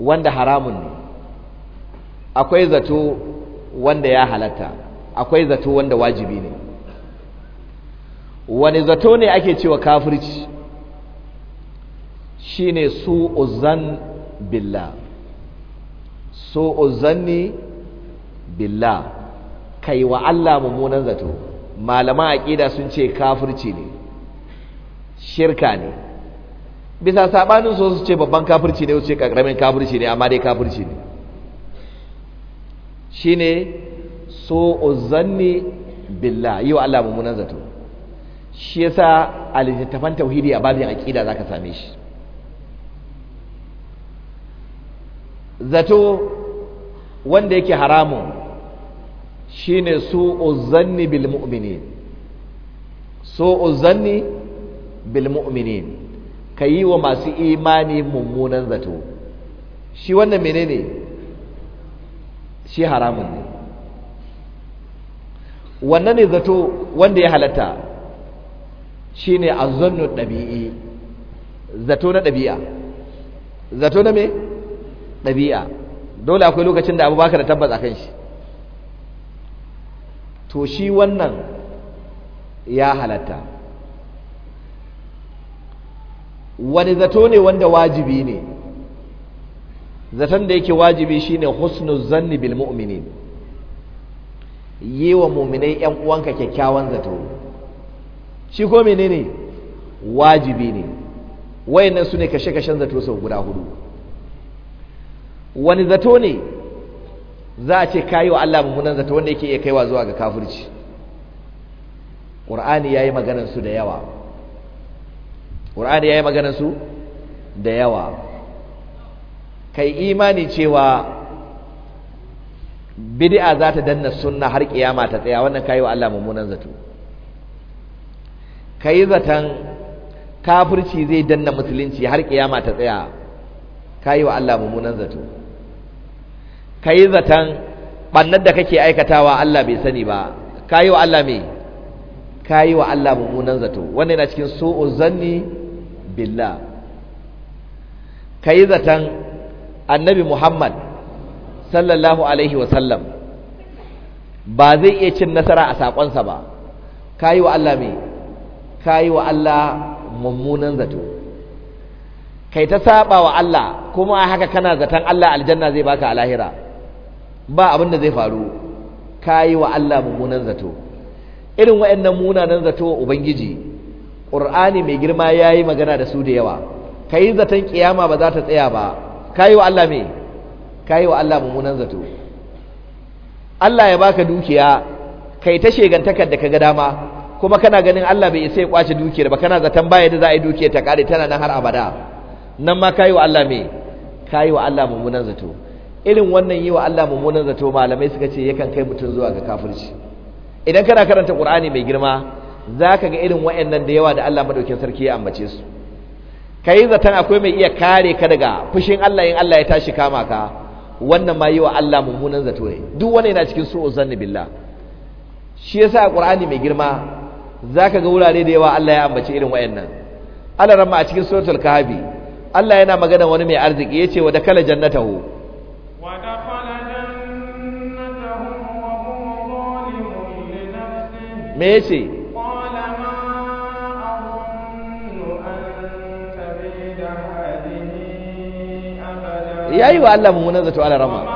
wanda haramun ne akwai zato wanda ya halatta akwai zato wanda wajibi ne wani zato ne ake cewa kafirci Shi ne su shine su'uzan billah su'uzanni billa kai wa Allah mummunan zato malaman ƙida sun ce kafirci ne shirka ne bisa saɓanin so su ce babban kafirci ne su ce karamin kafirci ne amma dai kafirci ne Shi ne shine ni billa yi wa Allah mummunan zato shi yasa a littattafan tauhidi a babin za ka same shi zato wanda yake haramun shine o zanni bil mu'minin o zanni bil mu'minin yi wa masu imani mummunan zato shi wannan menene shi haramun ne wannan ne zato wanda ya halatta shine azzannu dabi'i zato na dabi'a zato na me ɗabi'a dole akwai lokacin da abu baka da tabbas kan shi to shi wannan ya halatta wani zato ne wanda wajibi ne zaton da yake wajibi shine husnu zanni bil yi wa mu'minai yan uwanka kyakkyawan zato shi ko menene wajibi ne wayannan su ne kashe-kashen zato sau guda hudu wani zato ne za a ce kayi wa Allah mummunan zato wanda yake iya kaiwa zuwa ga kafirci ƙur'ani ya yi maganansu da yawa ƙur'ani ya yi maganansu da yawa kai imani cewa bid'a za ta danna sunna har ƙiyama ta tsaya wannan kayi wa Allah mummunan zato kai zaton kafirci zai danna musulunci har ƙiyama ta tsaya kayi wa Allah mummunan zato ka yi zaton ɓannar da kake aikatawa Allah bai sani ba ka yi wa Allah mai ka yi wa Allah mummunan zato wannan yana cikin su'u zanni billah ka yi zaton annabi Muhammad sallallahu alaihi wasallam ba zai iya cin nasara a saƙonsa ba ka yi wa Allah mai ka yi wa Allah mummunan zato kai ta saba wa Allah kuma haka kana zaton Allah aljanna zai baka alahira. lahira ba abin da zai faru Ka yi wa Allah mummunan zato irin waɗannan munanan zato wa ubangiji ƙur'ani mai girma ya yi magana da su da yawa Ka yi zaton ƙiyama ba za ta tsaya ba Ka yi wa Allah me yi wa Allah mummunan zato Allah ya baka dukiya kai ta shegantakar da kaga dama kuma kana ganin Allah bai isa ya kwace dukiyar ba kana zaton baya da za a yi dukiyar ta kare tana nan har abada nan ma ka yi wa Allah me yi wa Allah mummunan zato irin wannan yi wa Allah mummunan zato malamai suka ce yakan kai mutum zuwa ga kafirci idan kana karanta Qur'ani mai girma zaka ga irin wayannan da yawa da Allah madaukin sarki ya ambace su kai zaton akwai mai iya kare ka daga fushin Allah in Allah ya tashi kama ka wannan ma yi wa Allah mummunan zato ne duk wani yana cikin su'u zanni billah shi yasa a Qur'ani mai girma zaka ga wurare da yawa Allah ya ambace irin wayannan Allah ramma a cikin suratul kahfi Allah yana magana wani mai arziki yace wa dakala jannatahu ودخل جنته وهو ظالم لنفسه ماشي قال ما أظن أن تبيد هذه أبدا يا إيه، أيها الله ممنزة على رمى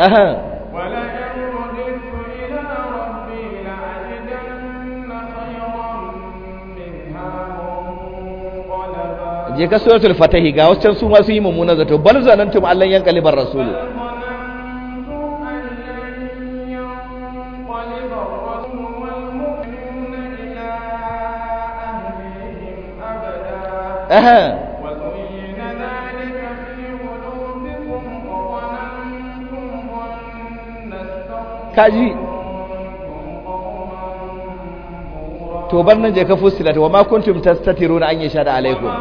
أها je ka suratul fatahi ga wasu su masu yi mummunan zato bal zanantum allan yanqalibar rasulu أها وزين to bar nan je ka fusila wa ma kuntum tastatiruna an yashada alaikum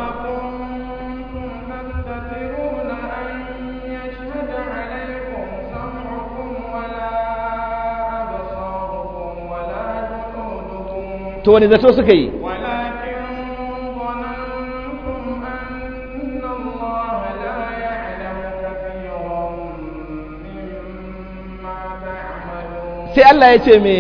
to wani zato suka yi sai Allah ya ce me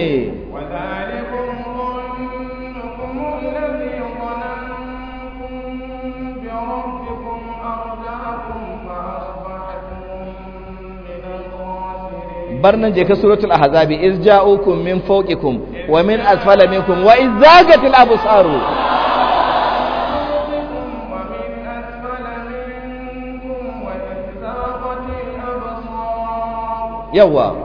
barnan je ka suratul ahzabi iz ja'ukum min fawqikum wa min asfala minkum wa izagatil absaru yawa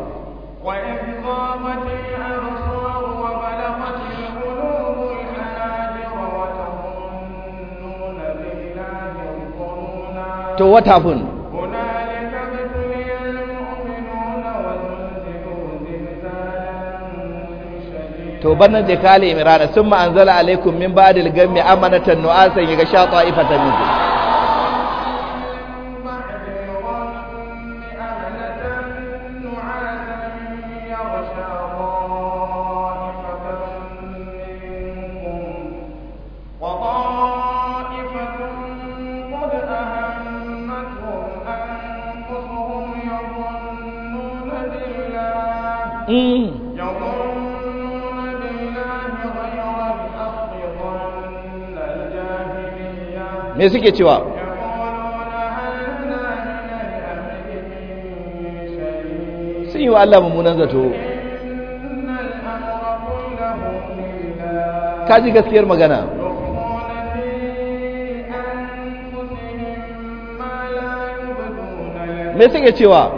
to what happened to bannan da kale imrana summa anzala alaikum min ba'dil gammi amanatan nu'asan yaga sha ta'ifatan minkum me suke cewa sun yi wa Allah mummunan zato ka ji gaskiyar magana me suke cewa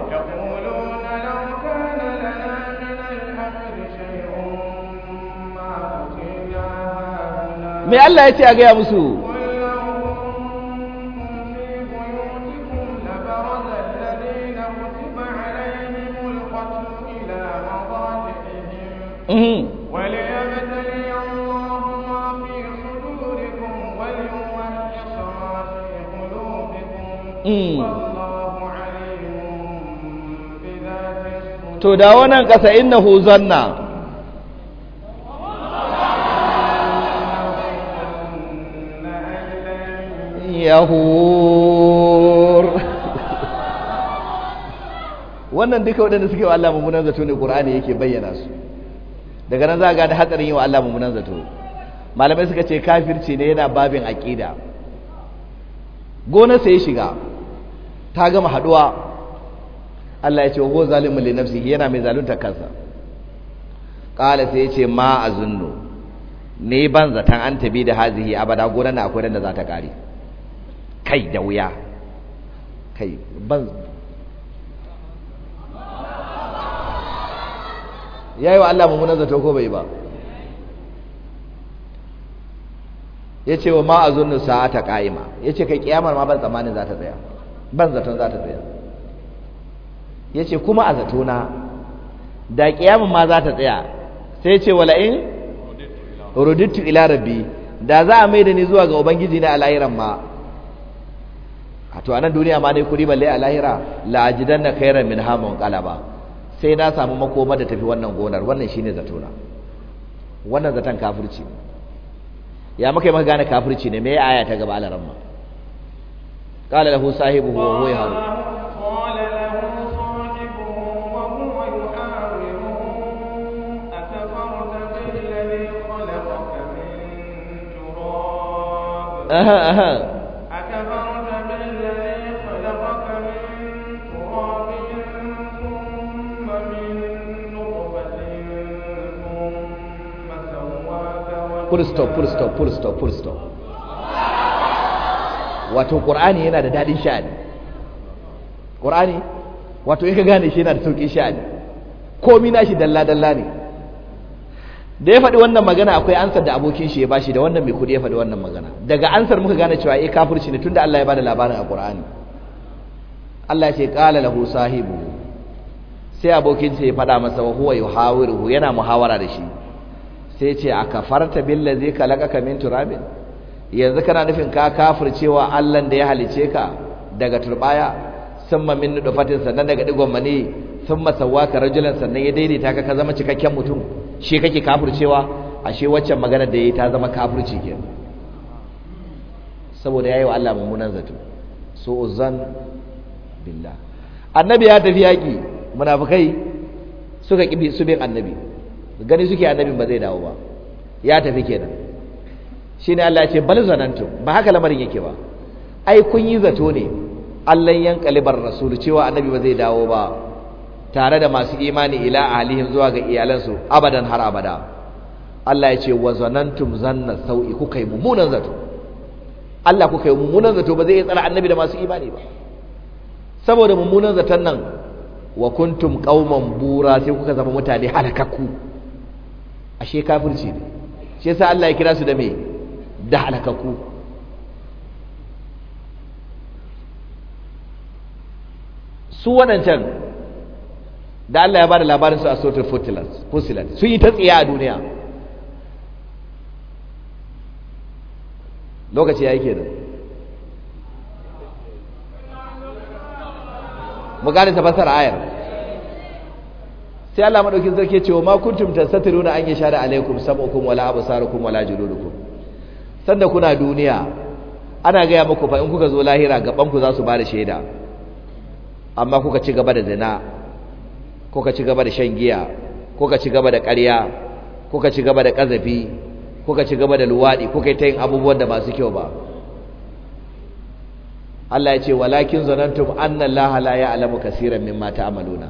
me Allah ya ce a gaya musu to da wannan ƙasa hu zanna yahur wannan duka waɗanda suke wa Allah mummunan zato ne Qur'ani yake bayyana su daga nan za ga da hatsarin yi wa Allah mummunan zato malamai suka ce kafirci ne yana babin aƙida gona sai shiga ta gama haɗuwa Allah ya ce wa zalimin li nafsihi yana mai zalunta kansa qala sai ya ce ma azunnu ni ban zatan an tabi da hazihi abada gona na akwai da za ta kare kai da wuya kai ban yayi wa Allah mummunan zato ko bai ba ya ce wa ma azunnu sa'ata qa'ima ya ce kai kiyamar ma ban tsammanin za ta tsaya ban zaton za ta tsaya ya ce kuma a zatona da ƙiyamun ma za ta tsaya sai ce wala'in rudittu ila rabbi da za a mai da ni zuwa ga ubangiji na alahiran ma a to anan duniya ma dai kuri balle alahira ajidan na khairan min hamun kalaba sai na samu makoma da tafi wannan gonar wannan shine zatona wannan zaton kafirci ya maka yi maka gane kafirci ne me aya ta gaba alaran ma qala lahu sahibuhu wa ya yahru Full stop, full stop, full stop, full stop. Wato Qur'ani yana da daɗin sha'ani. Qur'ani wato in gane shi yana da sauƙin sha'ani. Komi nashi dalla dalla ne. da ya faɗi wannan magana akwai ansar da abokin shi ya bashi da wannan mai kudi ya faɗi wannan magana daga ansar muka gane cewa eh kafirci ne tunda Allah ya bada labarin a Qur'ani Allah ya ce qala lahu sahibu sai abokin sa ya faɗa masa wa huwa yuhawiruhu yana muhawara da shi sai ya ce akafarta billazi khalaqaka min turabin yanzu kana nufin ka kafircewa Allah da ya halice ka daga turbaya summa min nutfatin sannan daga digon mani summa sawwaka rajulan sannan ya daidaita ka ka zama cikakken mutum shi kake kafircewa ashe waccan magana da yayi ta zama kafirci kenan saboda yayi wa Allah mummunan zato so uzan billah annabi ya tafi yaki munafikai suka kibi su bin annabi gani suke annabin ba zai dawo ba ya tafi kenan shine Allah ya ce bal zanantu ba haka lamarin yake ba ai kun yi zato ne Allah yan kalibar rasul cewa annabi ba zai dawo ba tare da masu imani ila alihim zuwa ga iyalansu abadan har abada Allah ya ce wa zanantum zanna sau'i kuka yi mummunan zato Allah kuka yi mummunan zato ba zai yi tsara annabi da masu imani ba saboda mummunan zaton nan wa kuntum qauman bura sai kuka zama mutane halakakku ashe kafirci ne shi yasa Allah ya kira su da me da halakakku su wadancan da Allah ya bada labarin su a sotar fusilat su yi ta tsaye a duniya lokaci ya ke da mu gane ta fasar ayar sai Allah madaukin sarki ya ce wa ta kuntum tastatiruna an yashara alaikum sab'ukum wala abu absarukum wala juludukum sanda kuna duniya ana gaya muku fa in kuka zo lahira gaban ku za su bada shaida amma kuka ci gaba da zina ko ka ci gaba da shan giya ko ka ci gaba da ƙarya ko ka ci gaba da ƙazafi ko ka ci gaba da luwaɗi ko yi ta yin abubuwan da masu kyau ba Allah ya ce walakin zanantum anna Allah la ya'lamu kaseeran mimma ta'maluna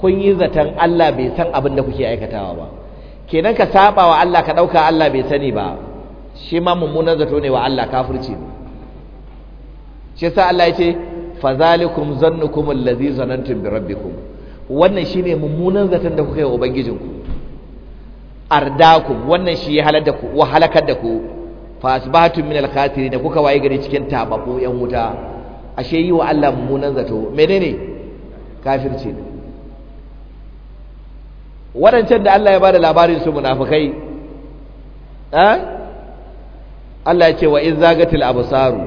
kun yi zaton Allah bai san abin da kuke aikatawa ba kenan ka saba wa Allah ka dauka Allah bai sani ba shi ma mummunan zato ne wa Allah kafirci ne shi yasa Allah ya ce fa fazalikum zannukum allazi zanantum bi rabbikum wannan shi ne mummunan zaton da kuka yi wa ubangijinku ardakum wannan shi ya ku wa halakar da ku Fasbatun min alkhatiri da kuka waye gari cikin tababu yan wuta ashe yi wa Allah mummunan zato menene kafirci ne Wadancan da Allah ya bada labarin su munafikai eh Allah ya ce wa in zagatil absaru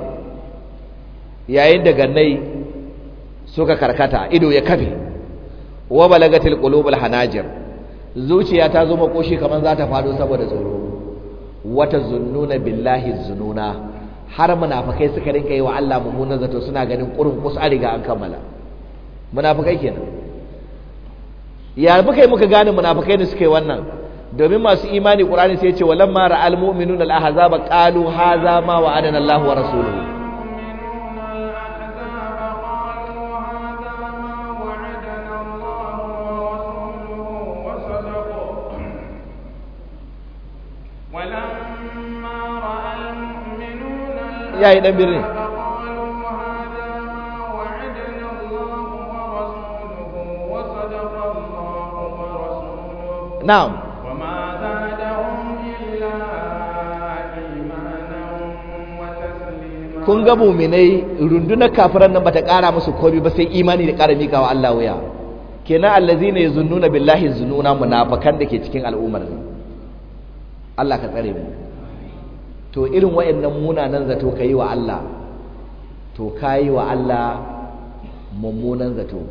yayin da gannai suka karkata ido ya kafe wa balagatil qulubul hanajir zuciya ta zo makoshi kamar za ta fado saboda tsoro wata zununa billahi zununa har munafikai suka rinka yi wa Allah mummunan zato suna ganin kurin kusa riga an kammala munafikai kenan ya muka yi muka gane munafikai ne suka yi wannan domin masu imani qur'ani sai ya ce walamma ra'al mu'minuna al-ahzaba qalu hadha ma wa'adana Allah wa rasuluhu yayi yi dan birni na'am kun ga muminai rundunar kafiran nan bata kara musu kobi ba sai imani da kara mika wa Allah wuya kenan allazina yazunnuna billahi zununa munafikan da ke cikin al'ummar Allah ka tsare mu to irin waɗannan munanan zato ka yi wa Allah to ka wa Allah mummunan zato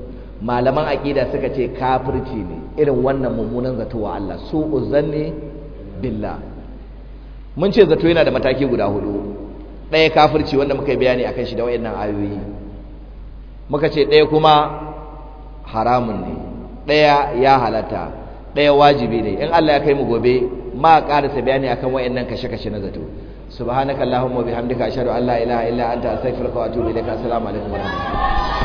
malaman aƙida suka ce kafirci ne irin wannan mummunan zato wa Allah su uzanni billah mun ce zato yana da mataki guda hudu ɗaya kafirci wanda muka yi bayani akan shi da waɗannan ayoyi muka ce ɗaya kuma haramun ne ɗaya ya halatta ɗaya wajibi ne in Allah ya kai mu gobe ma karasa bayani akan wayannan kashe-kashe na zato subhanakallahumma wa bihamdika ashhadu an la ilaha illa anta astaghfiruka wa atubu ilaik assalamu alaikum wa rahmatullahi